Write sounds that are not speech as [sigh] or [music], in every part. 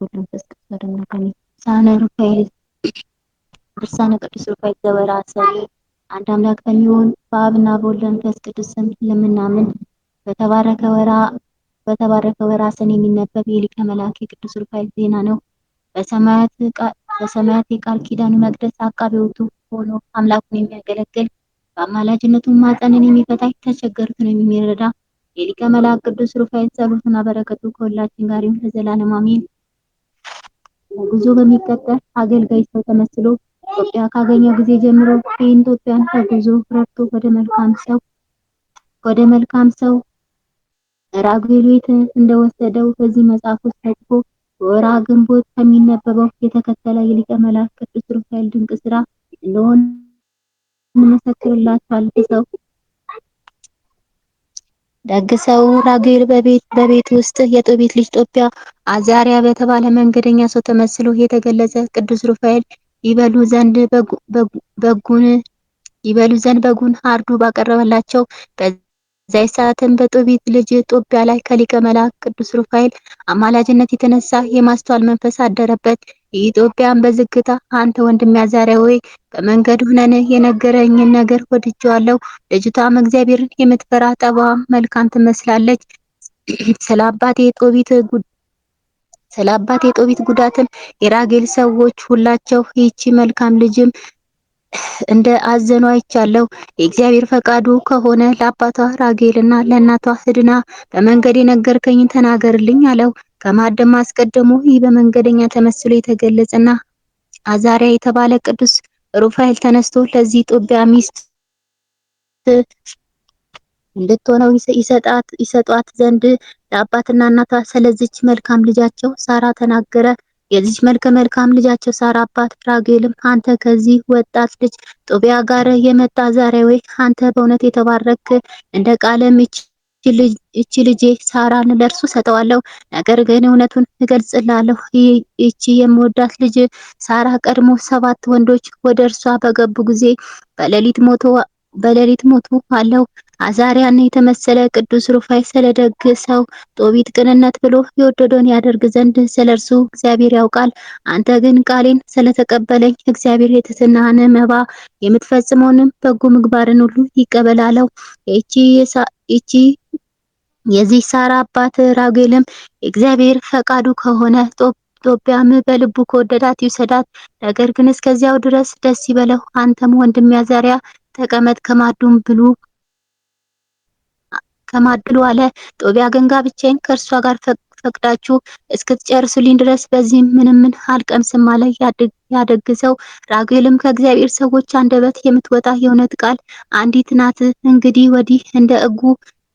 በስመ ቅዱስ አምላክ። ሩፋኤል ድርሳነ ቅዱስ ሩፋኤል አንድ አምላክ በሚሆን በአብና በወልድ መንፈስ ለምናምን በተባረከ ወራ በተባረከ ወራ ሰኔ የሚነበብ የሊቀ መላእክት ሩፋኤል ዜና ነው። በሰማያት የቃል ኪዳኑ መቅደስ አቃቤ ውእቱ ሆኖ አምላኩን የሚያገለግል በአማላጅነቱም ማጠንን የሚፈታ ተቸገሩትን የሚረዳ የሊቀ መላእክት ቅዱስ ሩፋኤል በረከቱ ከሁላችን ጋር ይሁን ለዘላለም አሜን። ጉዞ በሚቀጠል አገልጋይ ሰው ተመስሎ ኢትዮጵያ ካገኘው ጊዜ ጀምሮ የኢትዮጵያን ከጉዞ ረድቶ ወደ መልካም ሰው ወደ መልካም ሰው ራጉኤል ቤት እንደወሰደው በዚህ መጽሐፍ ውስጥ ተጽፎ ወራ ግንቦት ከሚነበበው የተከተለ የሊቀ መላእክት ቅዱስ ሩፋኤል ድንቅ ስራ እንደሆነ እንመሰክርላችኋለን። ሰው ደግሰው ራጉኤል በቤት በቤት ውስጥ የጦቢት ልጅ ጦቢያ አዛሪያ በተባለ መንገደኛ ሰው ተመስሎ የተገለጸ ቅዱስ ሩፋኤል ይበሉ ዘንድ በጉን ይበሉ ዘንድ በጉን አርዱ ባቀረበላቸው በዛይ ሰዓትም በጦቢት ልጅ ጦቢያ ላይ ከሊቀ መልአክ ቅዱስ ሩፋኤል አማላጅነት የተነሳ የማስተዋል መንፈስ አደረበት። የኢትዮጵያን በዝግታ አንተ ወንድሜ ያዛሪያ ሆይ በመንገድ ሆነን የነገረኝን ነገር ወድጀዋለሁ። ልጅቷም እግዚአብሔርን የምትፈራ ጠባዋም መልካም ትመስላለች። ስለ አባቴ ጦቢት ስለ አባቴ ጦቢት ጉዳትም የራጌል ሰዎች ሁላቸው ይቺ መልካም ልጅም እንደ አዘኑ አይቻለሁ። የእግዚአብሔር ፈቃዱ ከሆነ ለአባቷ ራጌልና ለእናቷ ህድና በመንገድ የነገርከኝን ተናገርልኝ አለው። ከማዕድም አስቀድሞ ይህ በመንገደኛ ተመስሎ የተገለጸና አዛሪያ የተባለ ቅዱስ ሩፋኤል ተነስቶ ለዚህ ጦቢያ ሚስት እንድትሆነው ይሰጧት ዘንድ ለአባትና እናቷ ስለዚች መልካም ልጃቸው ሳራ ተናገረ። የዚች መልከ መልካም ልጃቸው ሳራ አባት ራጌልም አንተ ከዚህ ወጣት ልጅ ጦቢያ ጋር የመጣ ዛሬ ወይ አንተ በእውነት የተባረክ እንደ ቃለ ምች እቺ ልጄ ሳራን ለእርሱ ሰጠዋለሁ፣ ነገር ግን እውነቱን እገልጽላለሁ። ይቺ የምወዳት ልጅ ሳራ ቀድሞ ሰባት ወንዶች ወደ እርሷ በገቡ ጊዜ በሌሊት ሞቶ በሌሊት ሞቱ አለው። አዛሪያን የተመሰለ ቅዱስ ሩፋይ ስለደግ ሰው ጦቢት ቅንነት ብሎ የወደደውን ያደርግ ዘንድ ስለ እርሱ እግዚአብሔር ያውቃል። አንተ ግን ቃሌን ስለተቀበለኝ እግዚአብሔር የትሕትናህን መባ የምትፈጽመውንም በጎ ምግባርን ሁሉ ይቀበላለው። ይቺ የዚህ ሳራ አባት ራጉኤልም እግዚአብሔር ፈቃዱ ከሆነ ጦቢያም በልቡ ከወደዳት ይውሰዳት። ነገር ግን እስከዚያው ድረስ ደስ ይበለው። አንተም ወንድም ያዛሪያ ተቀመጥ፣ ከማዱም ብሉ ከማድሉ አለ። ጦቢያ ገንጋ ብቻዬን ከእርሷ ጋር ፈቅዳችሁ እስክትጨርሱልኝ ድረስ በዚህ ምንም ምን አልቀምስም አለ ያደግሰው። ራጉኤልም ከእግዚአብሔር ሰዎች አንደበት የምትወጣ የእውነት ቃል አንዲት ናት፣ እንግዲህ ወዲህ እንደ እጉ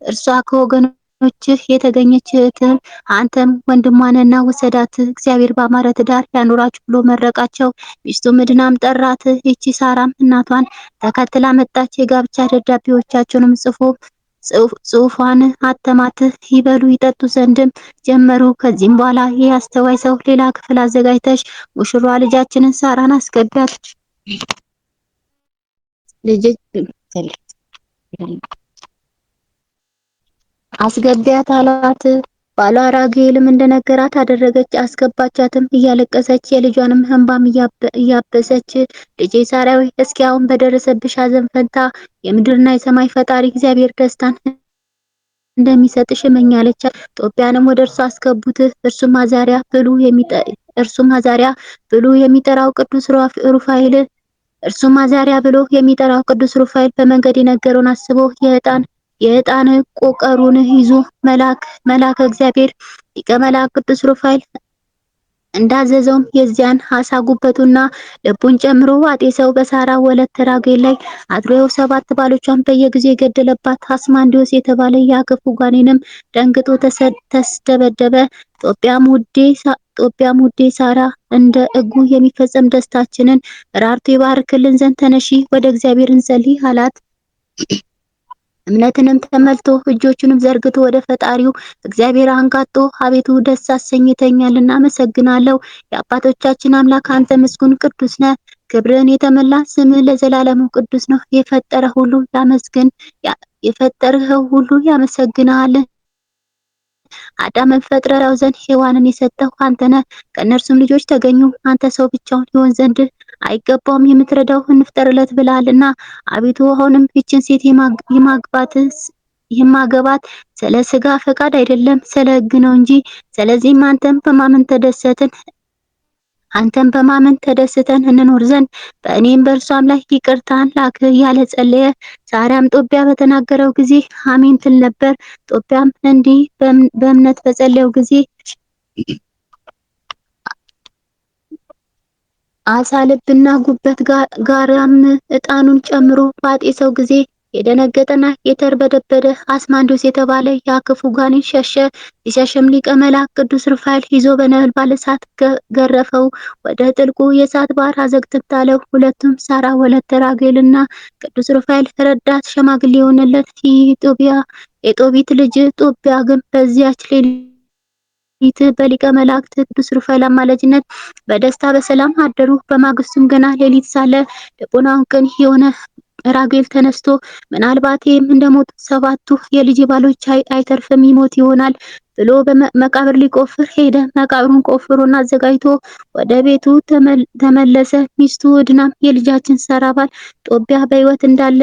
እርሷ ከወገኖችህ የተገኘች እህትህ አንተም ወንድሟንና ወሰዳት፣ እግዚአብሔር ባማረ ትዳር ያኑራችሁ ብሎ መረቃቸው። ሚስቱ ምድናም ጠራት። ይቺ ሳራም እናቷን ተከትላ መጣች። የጋብቻ ደብዳቤዎቻቸውንም ጽፎ ጽሑፏን አተማት። ይበሉ ይጠጡ ዘንድም ጀመሩ። ከዚህም በኋላ ይህ አስተዋይ ሰው ሌላ ክፍል አዘጋጅተሽ ሙሽሯ ልጃችንን ሳራን አስገቢያት አስገቢያት አላት። ባሏ አራጌልም እንደነገራት አደረገች፣ አስገባቻትም። እያለቀሰች የልጇንም እንባም እያበሰች ልጄ ሳራዊ እስኪ አሁን በደረሰብሽ ሐዘን ፈንታ የምድርና የሰማይ ፈጣሪ እግዚአብሔር ደስታን እንደሚሰጥሽ እመኛለች። ጦቢያንም ወደ እርሱ አስገቡት። እርሱም አዛሪያ ብሉ እርሱም አዛሪያ ብሉ የሚጠራው ቅዱስ ሩፋኤል እርሱም አዛሪያ ብሎ የሚጠራው ቅዱስ ሩፋኤል በመንገድ የነገረውን አስቦ የዕጣን የዕጣን ቆቀሩን ይዞ መልአከ እግዚአብሔር ሊቀ ቅዱስ ሩፋኤል እንዳዘዘውም የዚያን አሳ ጉበቱና ልቡን ጨምሮ ሰው በሳራ ወለት ራጉኤል ላይ አድሮው ሰባት ባሎቿን በየጊዜው የገደለባት አስማንዲዮስ የተባለ ያ ክፉ ጋኔንም ደንግጦ ተስደበደበ። ጦቢያም ሙዴ ሳራ እንደ እጉ የሚፈጸም ደስታችንን ራርቱ ይባርክልን ዘንድ ተነሺ፣ ወደ እግዚአብሔር እንጸልይ አላት። እምነትንም ተመልቶ እጆቹንም ዘርግቶ ወደ ፈጣሪው እግዚአብሔር አንጋጦ አቤቱ ደስ አሰኝተኛል፣ እናመሰግናለሁ። የአባቶቻችን አምላክ አንተ ምስጉን ቅዱስ ነህ። ክብርን የተመላ ስምህ ለዘላለሙ ቅዱስ ነው። የፈጠረ ሁሉ ያመስግን የፈጠርኸው ሁሉ ያመሰግናል። አዳምን ፈጥረው ዘንድ ሔዋንን የሰጠው አንተ ነህ። ከእነርሱም ልጆች ተገኙ። አንተ ሰው ብቻውን ይሆን ዘንድ አይገባውም የምትረዳው እንፍጠርለት ብላልና አቤቱ አሁንም ይችን ሴት የማግባት የማገባት ስለ ስጋ ፈቃድ አይደለም ስለ ነው እንጂ ስለዚህም አንተን በማመን ተደሰትን አንተም በማመን ተደስተን እንኖር ዘንድ በእኔም በእርሷም ላይ ይቅርታን ላክ እያለ ጸለየ። ሳራም ጦቢያ በተናገረው ጊዜ አሜን ትል ነበር። ጦቢያም እንዲህ በእምነት በጸለየው ጊዜ አሳ ልብና ጉበት ጋራም እጣኑን ጨምሮ ባጤሰው ጊዜ የደነገጠና የተርበደበደ አስማንዶስ የተባለ ያ ክፉ ጋኔን ሸሸ። ሲሸሽም ሊቀ መላክ ቅዱስ ሩፋኤል ይዞ በነበልባል እሳት ገረፈው፣ ወደ ጥልቁ የእሳት ባህር አዘግትታለው። ሁለቱም ሳራ ወለተ እና ቅዱስ ሩፋኤል ረዳት ሸማግሌ የሆነለት የጦቢት ልጅ ጦቢያ ግን በዚያች ሌሊት ፊትህ በሊቀ መላእክት ቅዱስ ሩፋኤል አማላጅነት በደስታ በሰላም አደሩ። በማግስቱም ገና ሌሊት ሳለ ልቡናውን ቅን የሆነ ራጉኤል ተነስቶ ምናልባት ይህም እንደሞቱ ሰባቱ የልጅ ባሎች አይተርፍም ይሞት ይሆናል ብሎ መቃብር ሊቆፍር ሄደ። መቃብሩን ቆፍሮና አዘጋጅቶ ወደ ቤቱ ተመለሰ። ሚስቱ ድናም የልጃችን ሰራባል ጦቢያ በህይወት እንዳለ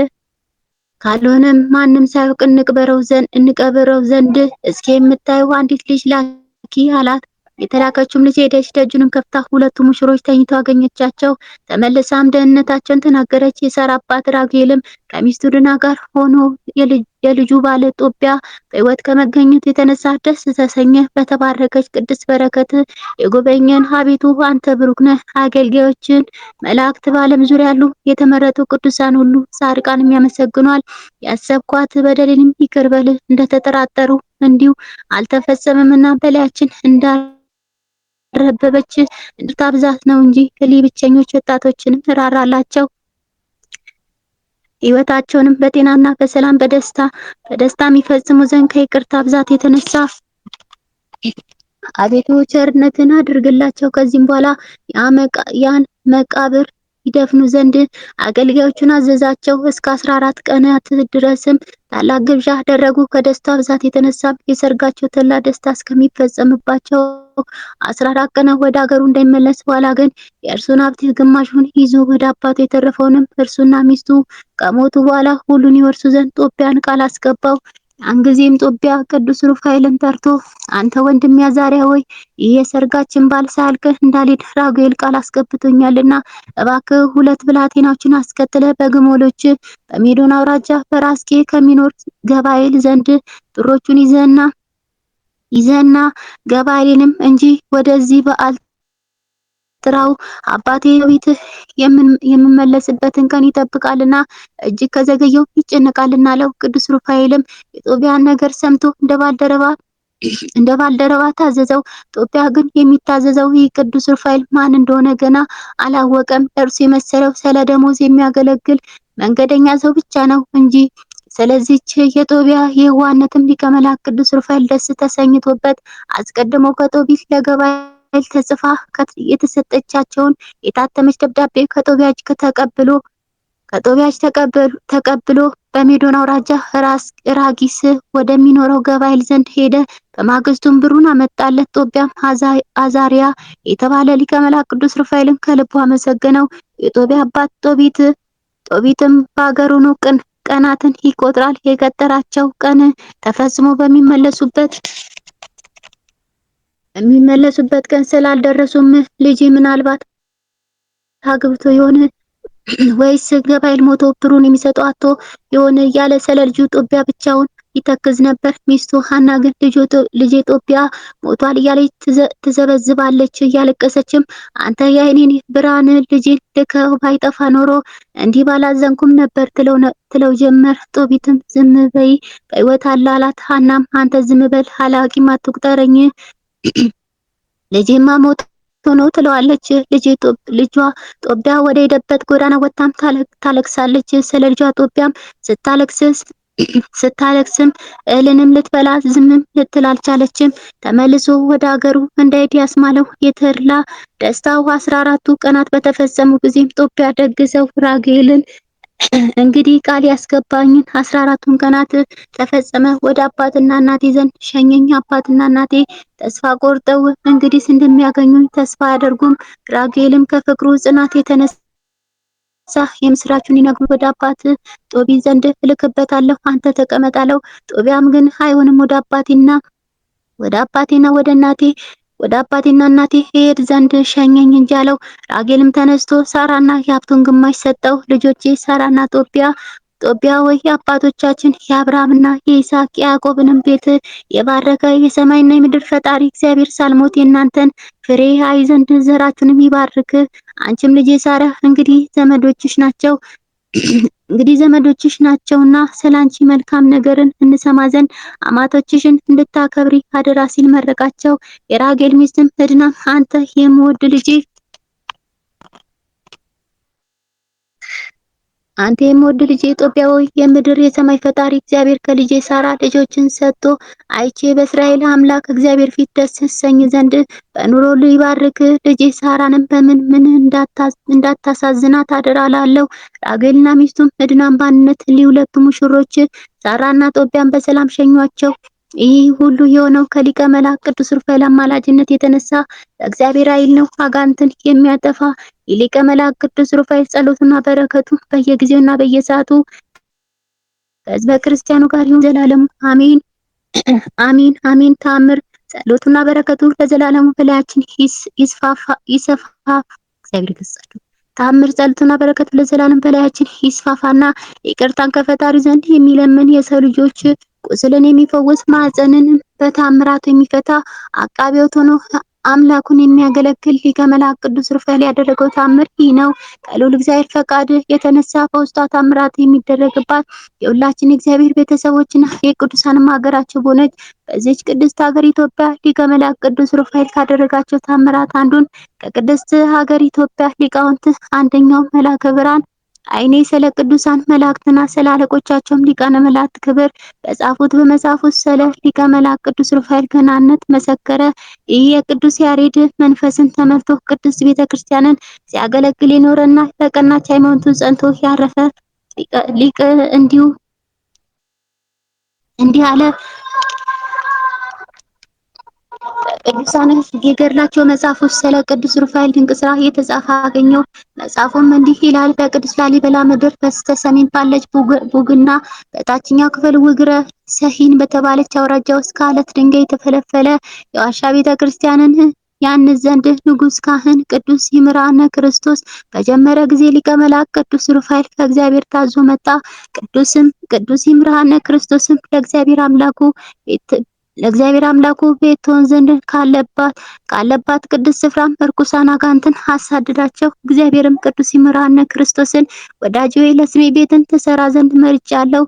ካልሆነም ማንም ሳያውቅ እንቅበረው ዘንድ እንቀበረው ዘንድ እስኪ የምታየው አንዲት ልጅ ላ ኪ አላት። የተላከችውም ልጅ ሄደች፣ ደጁንም ከፍታ ሁለቱ ሙሽሮች ተኝተው አገኘቻቸው። ተመልሳም ደህንነታቸውን ተናገረች። የሳራ አባት ራጉኤልም ከሚስቱና ጋር ሆኖ የልጁ ባለ ጦቢያ በሕይወት ከመገኘቱ የተነሳ ደስ ተሰኘ። በተባረከች ቅድስት በረከት የጎበኘን አቤቱ አንተ ብሩክ ነህ። አገልጋዮችን መላእክት፣ በዓለም ዙሪያ ያሉ የተመረጡ ቅዱሳን ሁሉ ጻድቃንም ያመሰግኗል። ያሰብኳት በደልንም ይቅር በል እንደተጠራጠሩ እንዲሁ አልተፈጸመምና በላያችን እንዳ ረበበች እንድታብዛት ነው እንጂ እሊ ብቸኞች ወጣቶችንም ራራላቸው። ህይወታቸውንም በጤናና በሰላም በደስታ በደስታ የሚፈጽሙ ዘንድ ከይቅርታ ብዛት የተነሳ አቤቱ ቸርነትን አድርግላቸው። ከዚህም በኋላ ያን መቃብር ይደፍኑ ዘንድ አገልጋዮቹን አዘዛቸው። እስከ 14 ቀናት ድረስም ታላቅ ግብዣ አደረጉ። ከደስታ ብዛት የተነሳ የሰርጋቸው ተላ ደስታ እስከሚፈጸምባቸው አስራ አራት ቀን ወደ እንዳይመለስ በኋላ ግን የእርሱን ሀብት ግማሹን ይዞ ወደ አባቱ የተረፈውንም እርሱና ሚስቱ ከሞቱ በኋላ ሁሉን ይወርሱ ዘንድ ጦቢያን ቃል አስገባው። ያን ጊዜም ጦቢያ ቅዱስ ሩፋኤልን ጠርቶ አንተ ወንድም ያዛሪያ ሆይ ይህ የሰርጋችን ባል ሳያልቅህ እንዳሌድ ራጉኤል ቃል አስገብቶኛልና እባክ ሁለት ብላቴናችን አስከትለ በግመሎች በሜዶን አውራጃ በራስጌ ከሚኖር ገባኤል ዘንድ ጥሮቹን ይዘና ይዘና ገባሪንም እንጂ ወደዚህ በዓል ጥራው አባቴ ቤትህ የምመለስበትን ቀን ይጠብቃልና እጅግ ከዘገየው ይጨነቃልና አለው። ቅዱስ ሩፋኤልም የጦቢያን ነገር ሰምቶ እንደ ባልደረባ [clears throat] እንደ ባልደረባ ታዘዘው። ጦቢያ ግን የሚታዘዘው ይህ ቅዱስ ሩፋኤል ማን እንደሆነ ገና አላወቀም። እርሱ የመሰለው ስለ ደሞዝ የሚያገለግል መንገደኛ ሰው ብቻ ነው እንጂ ስለዚች የጦቢያ የዋነትም ሊቀ መላእክት ቅዱስ ሩፋኤል ደስ ተሰኝቶበት አስቀድሞ ከጦቢት ለገባ ተጽፋ የተሰጠቻቸውን የታተመች ደብዳቤ ከጦቢያ ተቀብሎ ከጦቢያች ተቀብሎ በሜዶን አውራጃ ራጊስ ወደሚኖረው ገባኤል ዘንድ ሄደ። በማግስቱም ብሩን አመጣለት። ጦቢያም አዛሪያ የተባለ ሊቀ ቅዱስ ሩፋኤልን ከልቡ አመሰገነው። የጦቢያ አባት ጦቢት ጦቢትም በአገሩ ቅን ቀናትን ይቆጥራል። የቀጠራቸው ቀን ተፈጽሞ በሚመለሱበት የሚመለሱበት ቀን ስላልደረሱም ልጅ ምናልባት አግብቶ የሆነ ወይስ ገባይል ሞቶ ብሩን የሚሰጠው አቶ የሆነ እያለ ስለ ልጁ ጦቢያ ብቻውን ይተክዝ ነበር። ሚስቱ ሀና ግን ልጅ ኢትዮጵያ ሞቷል እያለች ትዘበዝባለች። እያለቀሰችም አንተ የአይኔን ብርሃን ልጅን ልከው ባይጠፋ ኖሮ እንዲህ ባላዘንኩም ነበር ትለው ጀመር። ጦቢትም ዝም በይ በህይወት አለ አላት። ሀናም አንተ ዝም በል አላቂም አትቁጠረኝ ልጄማ ሞት ሆኖ ትለዋለች። ልጅ ልጇ ጦቢያ ወደ ሄደበት ጎዳና ወጣም ታለቅሳለች። ስለ ልጇ ጦቢያም ስታለቅስ ስታለቅስም እህልንም ልትበላ ዝምም ልትል አልቻለችም። ተመልሶ ወደ አገሩ እንዳይድ ያስማለው የተድላ ደስታው አስራ አራቱ ቀናት በተፈጸሙ ጊዜም ጦቢያ ደግሰው ራጌልን እንግዲህ ቃል ያስገባኝን አስራ አራቱን ቀናት ተፈጸመ። ወደ አባትና እናቴ ዘንድ ሸኘኝ። አባትና እናቴ ተስፋ ቆርጠው እንግዲህ እንደሚያገኙኝ ተስፋ አያደርጉም። ራጌልም ከፍቅሩ ጽናት የተነሳ ሳ የምስራቹን ይነግሩ ወደ አባት ጦቢ ዘንድ እልክበታለሁ፣ አንተ ተቀመጣለው። ጦቢያም ግን አይሆንም፣ ወደ አባቴና ወደ አባቴና ወደ እናቴ ወደ አባቴና እናቴ ሄድ ዘንድ ሸኘኝ እንጂ አለው። ራጌልም ተነስቶ ሳራና የሀብቱን ግማሽ ሰጠው። ልጆቼ ሳራና ጦቢያ ኢትዮጵያ ወይ የአባቶቻችን የአብርሃምና የይስሐቅ የያዕቆብንም ቤት የባረከ የሰማይና የምድር ፈጣሪ እግዚአብሔር ሳልሞት የእናንተን ፍሬ አይ ዘራችሁንም ይባርክ። አንቺም ልጄ ሳራ እንግዲህ ዘመዶችሽ ናቸው [clears throat] እንግዲህ ዘመዶችሽ ናቸውና ስላንቺ መልካም ነገርን እንሰማ ዘንድ አማቶችሽን እንድታከብሪ አደራ ሲል መረቃቸው። የራጌል ሚስትም እድና አንተ የምወድ ልጄ አንተ የምወድ ልጅ ኢትዮጵያዊ የምድር የሰማይ ፈጣሪ እግዚአብሔር ከልጄ ሳራ ልጆችን ሰጥቶ አይቼ በእስራኤል አምላክ እግዚአብሔር ፊት ደስ ሰኝ ዘንድ በኑሮ ሊባርክ ልጄ ሳራንም በምን ምን እንዳታሳዝናት አደራ እላለሁ። ራጉኤልና ሚስቱም እድናም ባንነት ሊሁለቱ ሙሽሮች ሳራና ጦቢያን በሰላም ሸኟቸው። ይህ ሁሉ የሆነው ከሊቀ መላእክት ቅዱስ ሩፋኤል አማላጅነት የተነሳ እግዚአብሔር ኃይል ነው። አጋንንትን የሚያጠፋ የሊቀ መላእክት ቅዱስ ሩፋኤል ጸሎቱና በረከቱ በየጊዜውና በየሰዓቱ ከህዝበ ክርስቲያኑ ጋር ይሁን ዘላለም አሜን፣ አሜን፣ አሜን። ታምር ጸሎቱና በረከቱ ለዘላለሙ በላያችን ይስፋፋ ይሰፋፋ። እግዚአብሔር ገጻችሁ ታምር ጸሎትና በረከቱ ለዘላለም በላያችን ይስፋፋና ይቅርታን ከፈጣሪ ዘንድ የሚለምን የሰው ልጆች ቁስልን የሚፈውስ ማዕፀንንም በታምራቱ የሚፈታ አቃቢዎት ሆኖ አምላኩን የሚያገለግል ሊቀ መልአክ ቅዱስ ሩፋኤል ያደረገው ታምር ይህ ነው። ከልዑል እግዚአብሔር ፈቃድ የተነሳ በውስጧ ታምራት የሚደረግባት የሁላችን የእግዚአብሔር ቤተሰቦችና የቅዱሳንም ሀገራቸው በሆነች በዚች ቅድስት ሀገር ኢትዮጵያ ሊቀ ቅዱስ ሩፋኤል ካደረጋቸው ታምራት አንዱን ከቅድስት ሀገር ኢትዮጵያ ሊቃውንት አንደኛው መላከ ብርሃን አይኔ ስለ ቅዱሳን መላእክትና ስለ አለቆቻቸውም ሊቃነ መላእክት ክብር በጻፉት በመጻፉት ስለ ሊቀ መላእክት ቅዱስ ሩፋኤል ገናነት መሰከረ። ይህ የቅዱስ ያሬድ መንፈስን ተመልቶ ቅድስት ቤተክርስቲያንን ሲያገለግል የኖረና በቀናች ሃይማኖቱ ጸንቶ ያረፈ ሊቅ እንዲሁ እንዲህ አለ። ቅዱሳን የገድላቸው መጽሐፍ ስለ ቅዱስ ሩፋኤል ድንቅ ስራ እየተጻፈ አገኘው። መጽሐፉም እንዲህ ይላል። በቅዱስ ላሊበላ ምድር በስተ ሰሜን ባለች ቡግና በታችኛው ክፍል ውግረ ሰሂን በተባለች አውራጃ ውስጥ ከአለት ድንጋይ የተፈለፈለ የዋሻ ቤተ ክርስቲያንን ያን ዘንድ ንጉስ ካህን ቅዱስ ይምራነ ክርስቶስ በጀመረ ጊዜ ሊቀ መላእክት ቅዱስ ሩፋኤል ከእግዚአብሔር ታዞ መጣ። ቅዱስም ቅዱስ ይምራነ ክርስቶስም ለእግዚአብሔር አምላኩ ለእግዚአብሔር አምላኩ ቤት ትሆን ዘንድ ካለባት ካለባት ቅዱስ ስፍራም እርኩሳን አጋንንትን አሳድዳቸው። እግዚአብሔርም ቅዱስ ይምርሃነ ክርስቶስን ወዳጅ ሆይ ለስሜ ቤትን ትሰራ ዘንድ መርጫለሁ።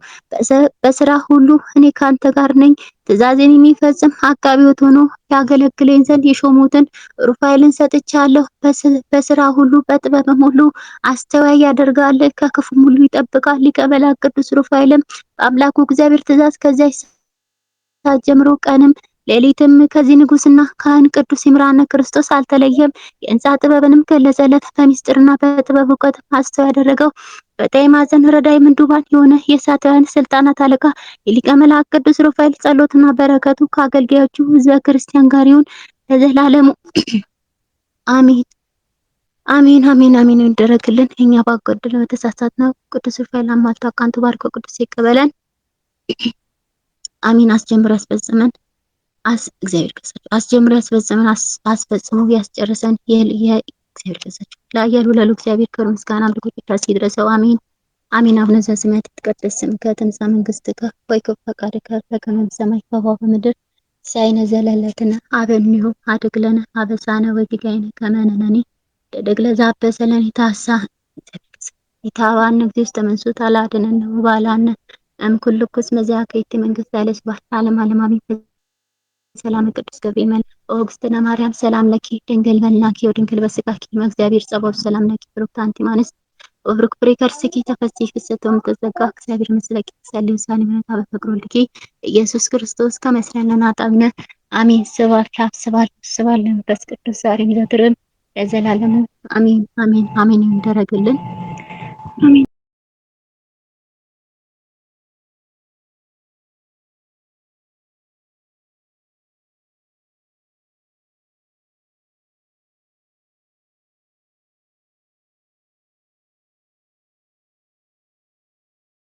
በስራ ሁሉ እኔ ካንተ ጋር ነኝ። ትእዛዜን የሚፈጽም አቃቢዎት ሆኖ ያገለግለኝ ዘንድ የሾሙትን ሩፋኤልን ሰጥቻለሁ። በስራ ሁሉ በጥበብም ሁሉ አስተዋይ ያደርጋል፣ ከክፉም ሁሉ ይጠብቃል። ሊቀ መላእክት ቅዱስ ሩፋኤልም በአምላኩ እግዚአብሔር ትእዛዝ ከዚያ ሰዓት ጀምሮ ቀንም ሌሊትም ከዚህ ንጉስና ካህን ቅዱስ ይምርሃነ ክርስቶስ አልተለየም። የሕንፃ ጥበብንም ገለጸለት። በሚስጥርና በጥበብ እውቀት አስተው ያደረገው በጣይ ማዕዘን ረዳይ ምንዱባን የሆነ የሳታውያን ስልጣናት አለቃ የሊቀ መልአክ ቅዱስ ሩፋኤል ጸሎትና በረከቱ ከአገልጋዮቹ ህዝበ ክርስቲያን ጋር ይሁን ለዘላለሙ አሜን። አሜን አሜን አሜን ይደረግልን። እኛ ባጎደል በተሳሳት ነው ቅዱስ ሩፋኤል አማልቶ አቃንቶ ባርኮ ቅዱስ ይቀበለን። አሚን። አስጀምሮ ያስፈጽመን አስ እግዚአብሔር ገጻችሁ። አስጀምሮ ያስፈጽመን አስፈጽሞ ያስጨርሰን እግዚአብሔር ገጻችሁ። ለአያሉ ለሉ እግዚአብሔር ክብር ምስጋና አምልኮት ይድረስ ይድረሰው። አሚን አሚን። አቡነ ዘበሰማያት ይትቀደስ ስምከ ትምጻእ መንግሥትከ ወይኩን ፈቃድከ በከመ በሰማይ ከማሁ በምድር ሲሳየነ ዘለለዕለትነ ሀበነ ሀድግ ለነ አበሳነ ወጌጋየነ ከመ ንሕነኒ ለደግ ለዘአበሰ ለነ የታሳ ይታባነ እግዚእስተ መንሱት አላድነነ ወባልሐነ እምኩልኩስ መዚያ ከይቲ መንግስት ዛለች ባህታ ዓለም ዓለማዊ ሰላም ቅዱስ ገብርኤል መላክ ኦግስትና ማርያም ሰላም ለኪ ድንግል መልናኪ ወድንግል በስጋኪ መእግዚአብሔር ጸባብ ሰላም ለኪ ብሩክት አንቲማንስ ወብሩክ ፕሪከርስኪ ተፈሲ ፍሰቶም ተዘጋ እግዚአብሔር ምስለኪ ሰሊ ውሳኒ ምነታ በፍቅሩ ልኪ ኢየሱስ ክርስቶስ ከመስለንና ጣብነ አሜን። ስብሐት ለአብ ስብሐት ለመንፈስ ቅዱስ ዛሬም ዘወትርም ለዘላለሙ አሜን አሜን አሜን። ይደረግልን አሜን።